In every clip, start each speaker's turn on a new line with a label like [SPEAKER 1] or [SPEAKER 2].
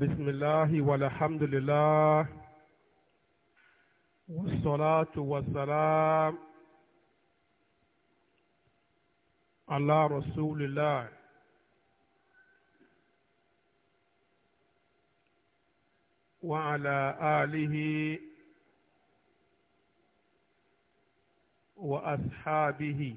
[SPEAKER 1] بسم الله والحمد لله والصلاة والسلام على رسول الله وعلى آله وأصحابه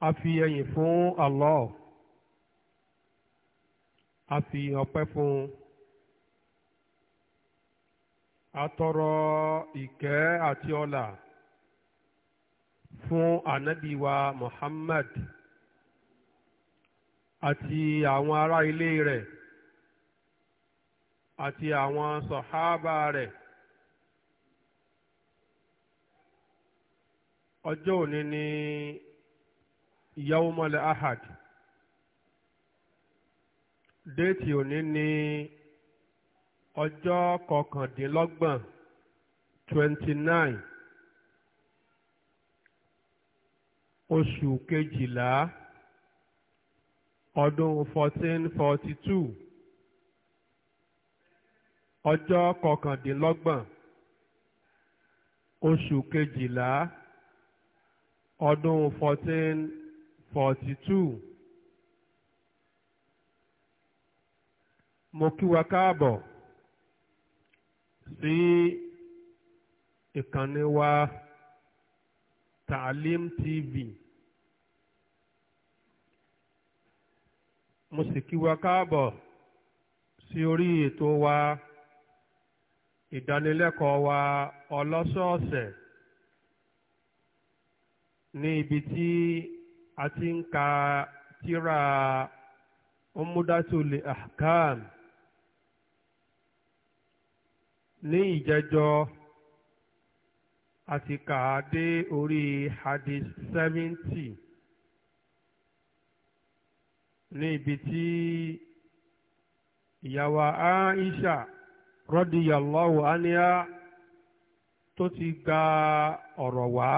[SPEAKER 1] a fi ẹyìn fún Allah a fi ọpẹ́ fún atọrọ a tọrọ àti ọlà fún ànábì wa Muhammad àti àwọn ará ilé rẹ̀ àti àwọn sọ̀hábà rẹ̀ ọjọ́ òní ni. ni yawmal ahad déètì òní ní ọjọ́ kọkàndínlọ́gbọ̀n twenty nine oṣù kejìlá ọdún fourteen forty two ọjọ́ kọkàndínlọ́gbọ̀n oṣù kejìlá ọdún fourteen 42 mo kí wa káàbọ̀ sí ìkànnì wa Taalim TV mo sì kí wa káàbọ̀ sí orí ètò wa ìdánilẹ́kọ̀ọ́ wa ọlọ́sọ̀ọ̀sẹ̀ ní ibi tí a ti ń ka tírà Umdatul Ahkam ní ìjẹjọ́ a ti kà á dé orí hadith seventy ní ibi tí ìyàwó Aisha radiyallahu anha tó ti gba ọrọ wá.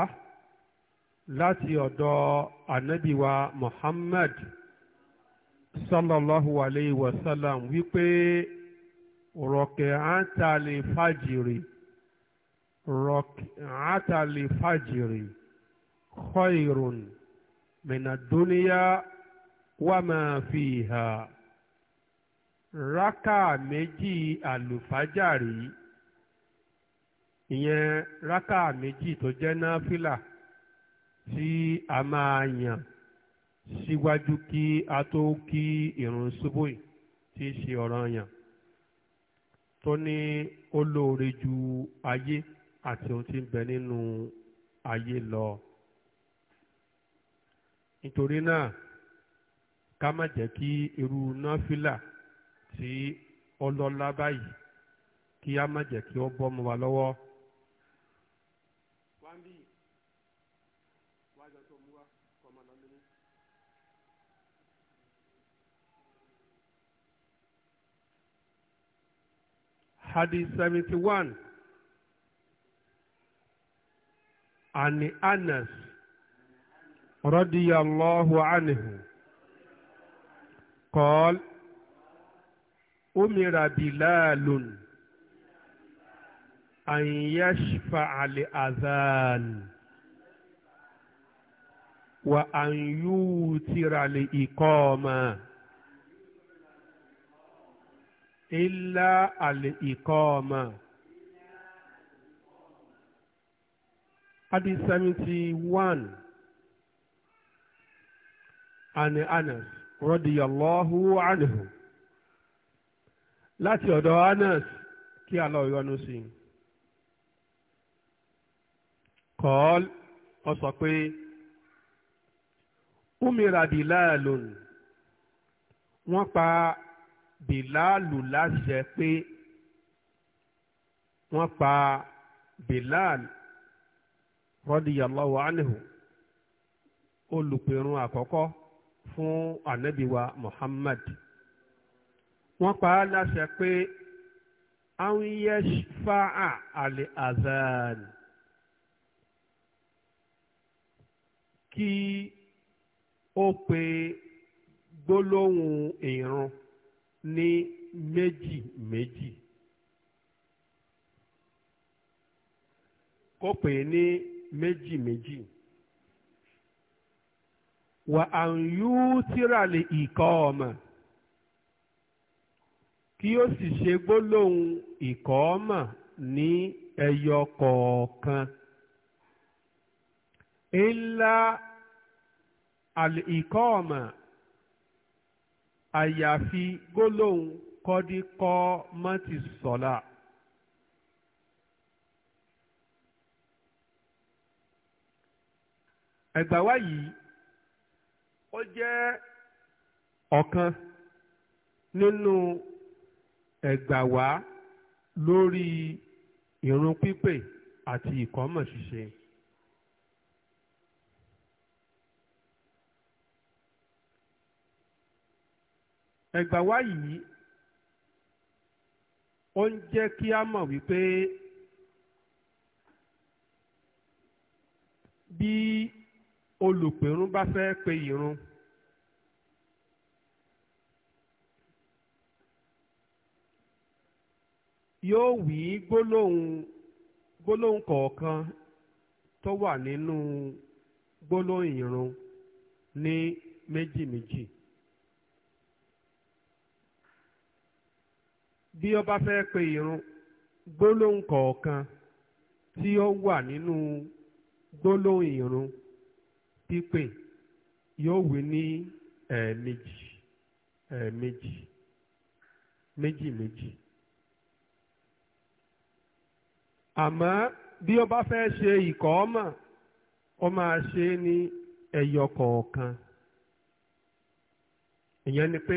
[SPEAKER 1] láti ọ̀dọ̀ ànábìwa Muhammad sallallahu alayhi wa sallam wípé rọ̀kẹ̀ àtàlẹ̀ fàjìrì rọ̀kẹ̀ àtàlẹ̀ fàjìrì khayrun mina dúníyà wà máa fi hà rákà méjì àlùfájàrí ìyẹn rákà méjì tó jẹ́ náfìlà. tí a máa yàn síwájú kí a tó kí ìrun ṣubú yìí tí í ṣe ọ̀ranyàn tó ní ó lóore ju ayé àti ohun tí ń bẹ nínú ayé lọ nítorí náà ká má jẹ́ kí irú náfìlà tí ọlọ́lá báyìí kí á má jẹ́ kí ó bọ́ mọ́ wa lọ́wọ́. hadith seventy one ani anas radiyallahu anhu qal umira bilalun an yashfa'a li adhan wa an yutira li iqama ilá àlè ìkọ́ ọmọ. Hadith seventy one Ani Anas radiyallahu anhu láti ọ̀dọ̀ Anas kí Allah yọ́nú sí i. Kọ́ọ́l ó pé Umira Bilalun wọ́n pa bìláàlù láṣẹ pé wọ́n pa bìláàlù rọ́díyàlọ́wọ́ ánìhù olùpẹ̀rún àkọ́kọ́ fún ànábìwa Muhammad wọ́n pa á láṣẹ pé àwọn yẹ fáà àlè azan kí ó pe gbólóhùn ìrun. ní méjì méjì kó pè é ní méjì méjì wà á ń yú tíralè ìkọ́ ọmọ kí ó sì ṣe gbólóhùn ìkọ́ ọmọ ní ẹyọ kọ̀ọ̀kan ńlá àlè ìkọ́ ọmọ àyàfi gbólóhùn kọ́díkọ́ mọ́tì sọ́lá. ẹ̀gbà wá yìí ó jẹ́ ọ̀kan nínú ẹ̀gbà wá lórí ìrun pípè àti ìkọ́mọ̀ ẹgbà wá yìí ó ń jẹ́ kí a mọ̀ wípé bí olùpẹ̀rún bá pe ìrun yóò wí gbólóhùn gbólóhùn kọ̀ọ̀kan tó wà nínú gbólóhùn ìrun ní méjì méjì. bí ọ bá fẹ́ pe irun gbólóhùn kọ̀ọ̀kan tí ó wà nínú gbólóhùn irun pípè yóò wí ní ẹ̀ẹ̀mejì ẹ̀ẹ̀mejì méjì méjì àmọ́ bí ọ bá fẹ́ ṣe ìkọ́ ọmọ ọ máa ṣe é ní ẹyọ kọ̀ọ̀kan ìyẹn ni pé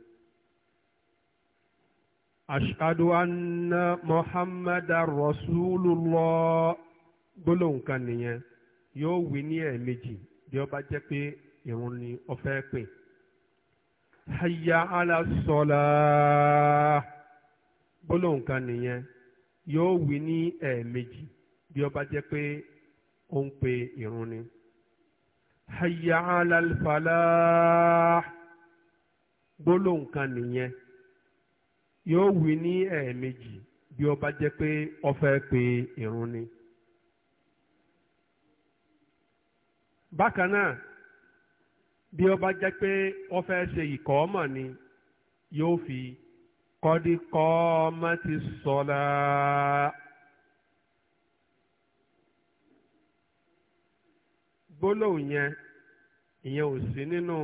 [SPEAKER 1] أشهد أن محمد رسول الله gbólóhùn kan nìyẹn yóò wí ní ẹ̀ẹ̀mejì bí ó bá jẹ́ pé ìrun ni ó fẹ́ pè. hayya ala salah gbólóhùn kan nìyẹn yóò wí ní ẹ̀ẹ̀mejì bí ó jẹ́ pé ó ń pe ìrun ni. hayya ala falah gbólóhùn kan nìyẹn yóò wí ní ẹ̀ẹ̀mejì bí ó bá jẹ́ pé ọfẹ́ fẹ́ pe ìrun ni. bákan náà bí ó bá jẹ́ pé ọfẹ́ fẹ́ ṣe ìkọ́mọ̀ ni yóò fi kọ́dí kọ́ọ́mọ́ ti sọ́lá. gbólóhùn yẹn ìyẹn ò sí nínú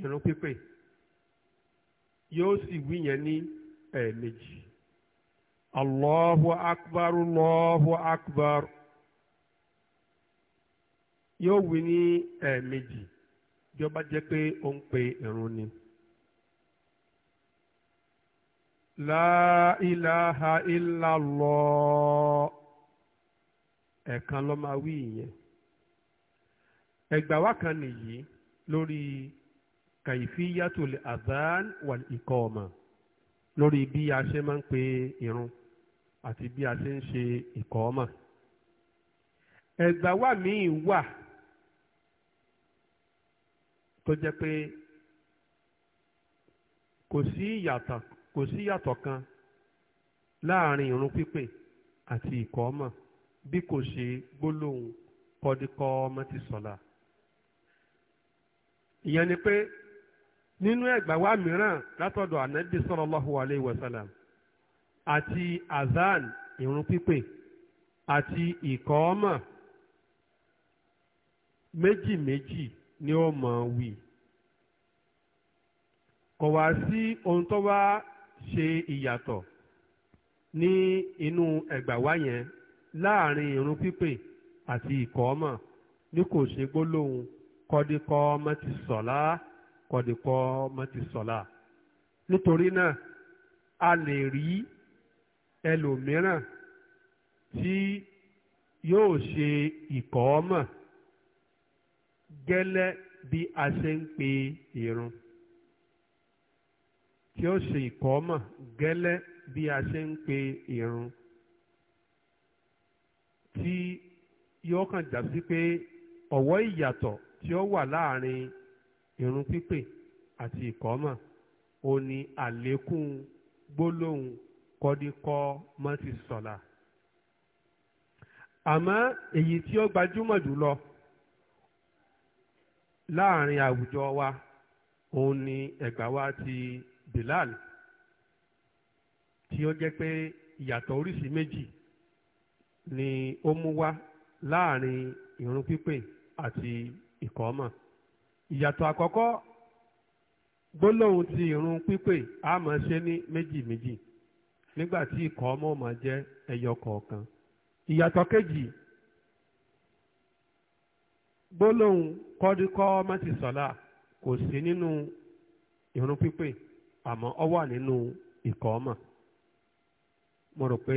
[SPEAKER 1] ìrun pípè. yóò sì wí yẹn ní ẹ̀ẹ̀mejì allahu akbar allahu akbar yóò wí ní ẹ̀ẹ̀mejì bí ó bá jẹ́ pé ó ń pe ìrun ni. La ilá illallah ẹ̀ẹ̀kan ló máa wí ìyẹn ẹgbàá wa kan nìyí lórí kàyífíyàtòlè àdán wà ikọ̀ ọ̀mà lórí bí a ṣe máa ń pe irun àti bí a ṣe ń ṣe ikọ̀ ọ̀mà. ẹ̀gbà wà míì wà tó jẹ́ pé kò sí ìyàtọ̀ kò sí ìyàtọ̀ kan láàrin irun pípè àti ikọ̀ ọ̀mà bí kò ṣe gbólóhùn kọ́díkọ́ ọmọ ti sọ̀la. ìyẹn ni pé nínú ẹgbà wa mìíràn látọ̀dọ̀ ànábì sallallahu alayhi wa sallam àti azan ìrun pípè àti ìkọ́ọ́mà méjì méjì ni ó máa wí kò wá sí ohun tó wá ṣe ìyàtọ̀ ní inú ẹgbà wa yẹn láàrin ìrun pípè àti ìkọ́ọ́mà ní kò ṣe gbólóhùn kọ́díkọ́ mọ́tì sọ̀lá. So kọ̀dìpọ̀ ọmọ ti sọ̀la nítorí náà a lè rí ẹlòmíràn tí yóò ṣe ikọọ gẹ́lẹ́ bí a ṣe ń pe irun tí ó ṣe gẹ́lẹ́ bí a ṣe irun tí yóò kàn já sí pé ọ̀wọ́ ìyàtọ̀ tí ó wà láàrin irun pípè àti ìkọ́mọ̀ ó ní àlékún gbólóhùn kọ́díkọ́ mọ́tì sọ̀la àmọ́ èyí tí ó gbajúmọ̀ jùlọ láàrin àwùjọ wa òun ni ẹ̀gbà wa ti Bilal tí ó jẹ́ pé ìyàtọ̀ oríṣi méjì ni ó mú wá láàrin ìrun pípè àti ìkọ́mọ̀. ìyàtọ̀ àkọ́kọ́ gbólóhùn ti ìrun pípè a máa ṣe ní méjì méjì nígbà tí ikọ̀ ọmọ máa jẹ́ ẹyọ kọ̀ọ̀kan ìyàtọ̀ kejì gbólóhùn kọ́díkọ́ kò sí nínú ìrun pípè àmọ́ ọ wà nínú ọmọ mo rò pé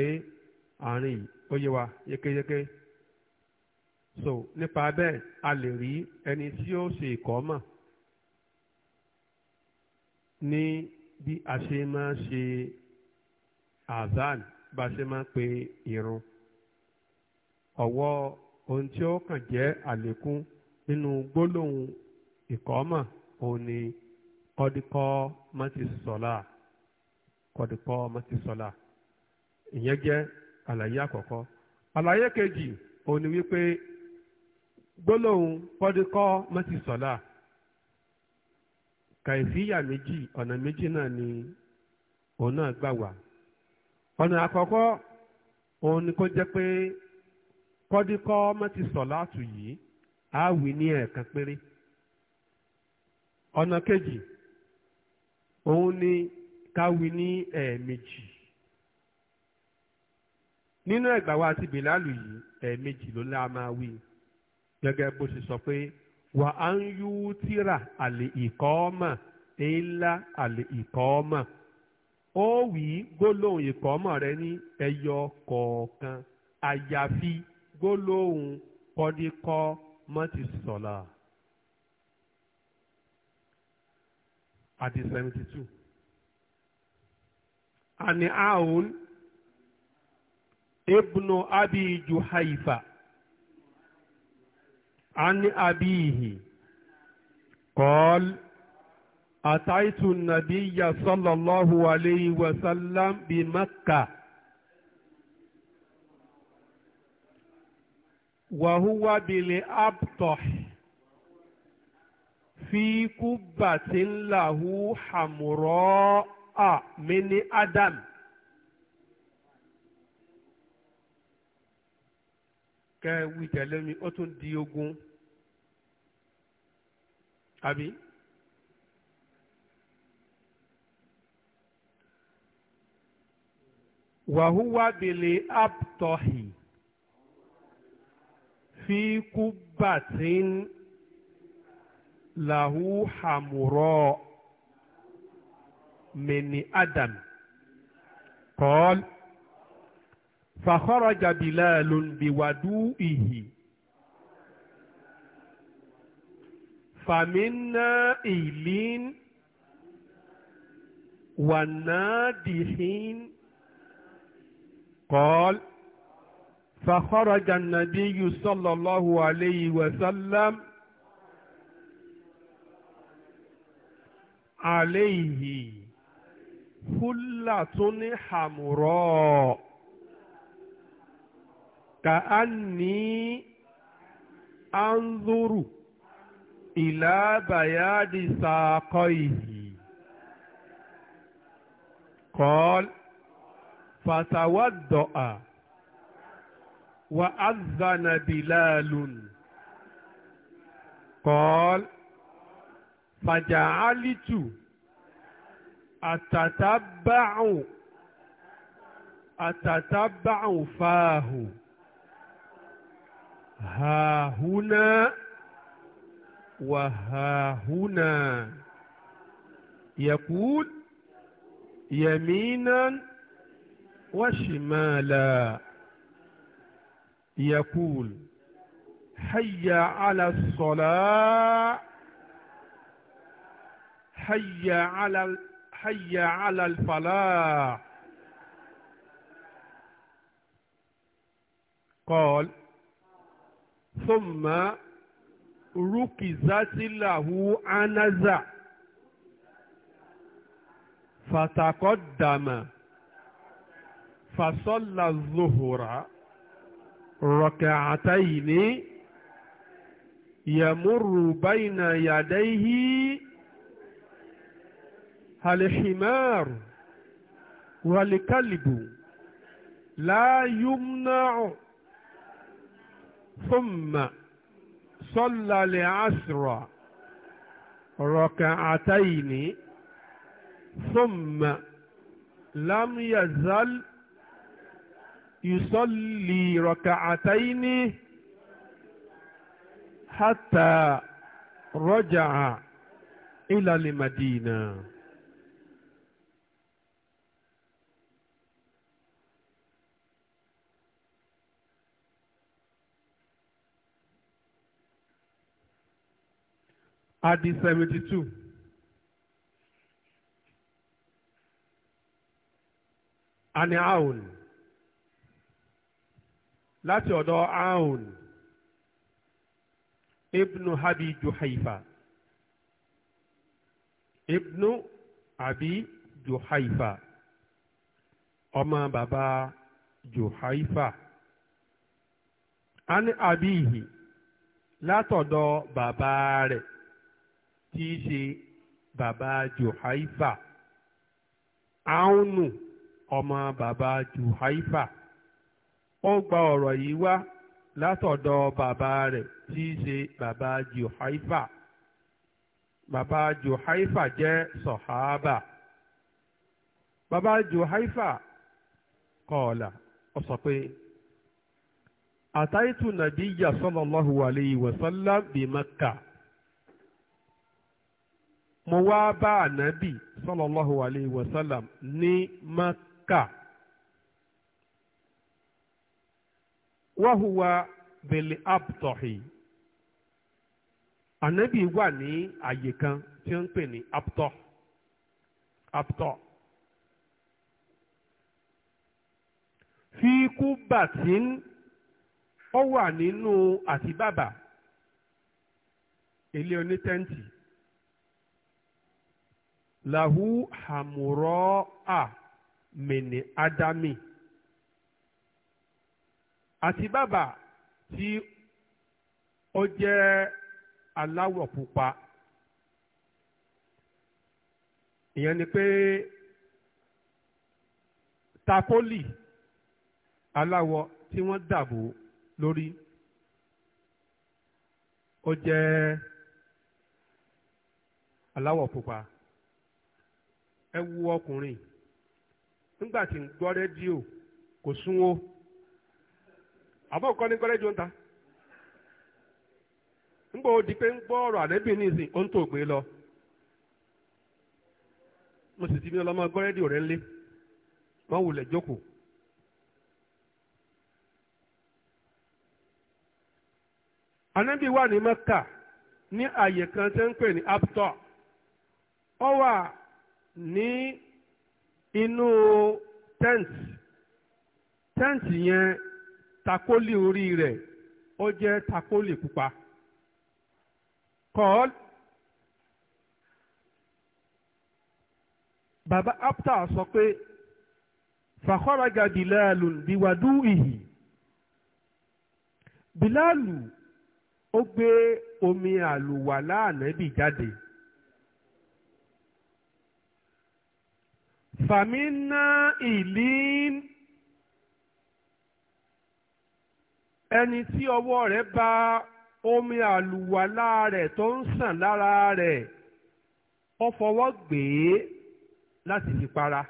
[SPEAKER 1] àárín ó wa yékéyéké. so nípa bẹ́ẹ̀ a lè rí ẹni tí ó ṣe ìkọ́mọ̀ ní bí a ṣe máa ṣe azan bá a ṣe máa pe irun ọ̀wọ́ ohun tí ó kàn jẹ́ àlékún nínú gbólóhùn ìkọ́mọ̀ òun ni kọ́díkọ́ mọ́tì sọ́lá kọ́díkọ́ mọ́tì sọ́lá ìyẹn jẹ́ àlàyé àkọ́kọ́ àlàyé kejì òun ni wípé gbólóhùn kọ́díkọ́ mọ́tì sọ́lá kàìfíyà méjì ọ̀nà méjì náà ni òun náà gbà wá ọ̀nà àkọ́kọ́ òun ni kó jẹ́ pé kọ́díkọ́ mọ́tì sọ́lá tù yìí á ní ẹ̀ẹ̀kan ọ̀nà kejì òun ni ká wí ní ẹ̀ẹ̀mejì nínú ẹ̀gbà wa àti bìlálù yìí gẹ́gẹ́ bó ṣe sọ pé wà á ń yú tíra àlè ìkọ́ ọmọ ńlá àlè ìkọ́ ọmọ ó wí gbólóhùn ìkọ́ ọmọ rẹ ní ẹyọ kọ̀ọ̀kan àyàfi gbólóhùn kọ́díkọ́ mọ́tì sọ̀la. Adi seventy two. Ani Aun Ibnu Abi Juhaifa. عن أبيه قال أتيت النبي صلى الله عليه وسلم بمكة وهو بالأبطح في كبة له حمراء من أدم kẹ́ wí tẹ̀lé mi ó tún di ogun àbí. wàhúwà bèlè abtọ́hì fi kú bàtín làhú hàmúrọ́ mẹ́ni adam kọ́ọ́lù. فخرج بلال بودوئه فمنا إيلين والنادحين قال فخرج النبي صلى الله عليه وسلم عليه حلة حمراء كأني أنظر إلى بياد ساقيه قال فتوضأ وأذن بلال قال فجعلت أتتبع أتتبع فاه ها هنا وها هنا يقول يمينا وشمالا يقول حي على الصلاة حي على حي على الفلاح قال ثم ركزت له عنزة فتقدم فصلى الظهر ركعتين يمر بين يديه الحمار والكلب لا يمنع ثم صلى العصر ركعتين ثم لم يزل يصلي ركعتين حتى رجع إلى المدينة Adi seventy two. Ani Aun. Láti ọ̀dọ̀ Aun. Ibnu Abi Juhaifa. Ibnu Abi Juhaifa. Ọmọ bàbá Juhaifa. Ani Abihi. Látọ̀dọ̀ bàbá rẹ̀. tí í ṣe bàbá Juhaifa aunu ọmọ bàbá Juhaifa ó gba ọ̀rọ̀ yìí wá látọ̀dọ̀ bàbá rẹ̀ tí í ṣe bàbá Juhaifa bàbá Juhaifa jẹ́ sọ̀háábà bàbá Juhaifa kọ̀ọ̀là ó sọ pé àtàìtù nàbíyà sallallahu alayhi wa sallam bí Makkah. mo wá bá ànábì sallallahu alayhi wa sallam ní maka wàhùwà bèlè abtọ̀hì ànábì wà ní àyè kan tí wọ́n ń pè ní abtọ̀ abtọ̀ fi bàtín ó wà nínú àtibàbà ilé onítẹ́ǹtì lahu hamurọ́ a mene adami àti bàbà tí ó jẹ́ aláwọ̀ pupa ìyẹn ni pé tapoli aláwọ̀ tí wọ́n dàbò lórí ó jẹ́ aláwọ̀ pupa. ẹ wo ọkùnrin nígbà tí ń gbọ́ rédíò kò súnwó àbọ̀kọ́ ní gbọ́ rédíò ń ó di pé ń gbọ́ ọ̀rọ̀ àlébì nísìn ó ń tò gbé lọ mo sì ti ní ọlọ́mọ gbọ́ rédíò rẹ̀ ńlé wọ́n wulẹ̀ jókòó. Ànábì wà ni Mẹ́kà ní àyè kan tẹ́ ń pè ní ní inú tẹ́ǹtì tẹ́ǹtì yẹn takoli orí rẹ̀ ó jẹ́ takoli pupa kọ́ọ́l baba apta sọ pé fàkọ́rajà bìláàlù bíwádú ìhì bìláàlù ó gbé omi àlùwàlá ànábì jáde. fàmínà ìlín ẹni tí ọwọ́ rẹ̀ bá omi àlùwàlá rẹ̀ tó ń sàn lára rẹ̀ ó fọwọ́ gbé láti fi para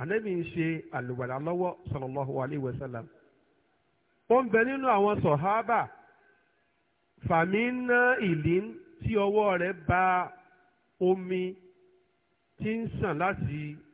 [SPEAKER 1] ànábì ń ṣe àlùwàlá lọ́wọ́ sallallahu alayhi wa sallam ó ń bẹ nínú àwọn sọ̀hábà fàmínà ìlín tí ọwọ́ rẹ̀ bá omi tí ń sàn láti